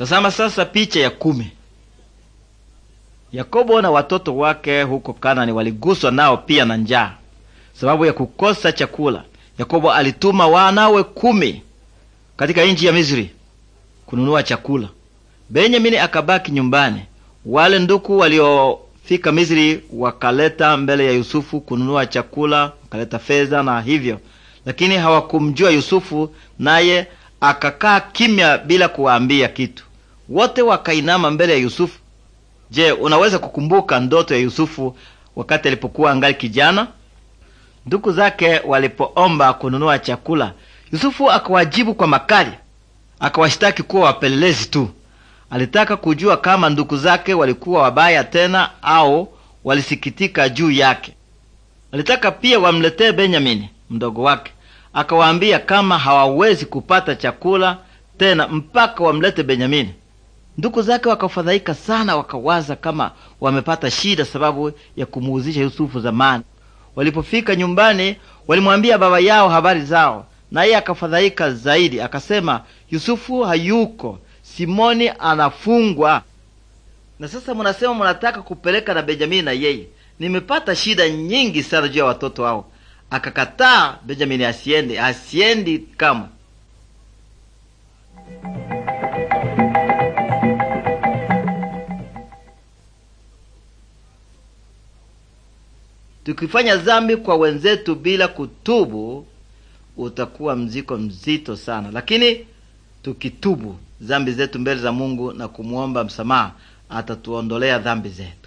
Tazama sasa picha ya kumi. Yakobo na watoto wake huko Kanani waliguswa nao pia na njaa sababu ya kukosa chakula. Yakobo alituma wanawe kumi katika nchi ya Misri kununua chakula. Benyamini akabaki nyumbani. Wale nduku waliofika Misri wakaleta mbele ya Yusufu kununua chakula, wakaleta fedha na hivyo, lakini hawakumjua Yusufu, naye akakaa kimya bila kuwaambia kitu wote wakainama mbele ya Yusufu. Je, unaweza kukumbuka ndoto ya Yusufu wakati alipokuwa angali kijana? Ndugu zake walipoomba kununua chakula, Yusufu akawajibu kwa makali, akawashitaki kuwa wapelelezi tu. Alitaka kujua kama ndugu zake walikuwa wabaya tena au walisikitika juu yake. Alitaka pia wamletee Benyamini mdogo wake, akawaambia kama hawawezi kupata chakula tena mpaka wamlete Benyamini. Ndugu zake wakafadhaika sana, wakawaza kama wamepata shida sababu ya kumuuzisha Yusufu zamani. Walipofika nyumbani, walimwambia baba yao habari zao, na yeye akafadhaika zaidi, akasema, Yusufu hayuko, Simoni anafungwa. Na sasa munasema munataka kupeleka na Benjamini na yeye. Nimepata shida nyingi sana juu ya watoto hao. Akakataa Benjamini asiende, asiendi kamwe. Tukifanya zambi kwa wenzetu bila kutubu, utakuwa mziko mzito sana, lakini tukitubu zambi zetu mbele za Mungu na kumwomba msamaha, atatuondolea dhambi zetu.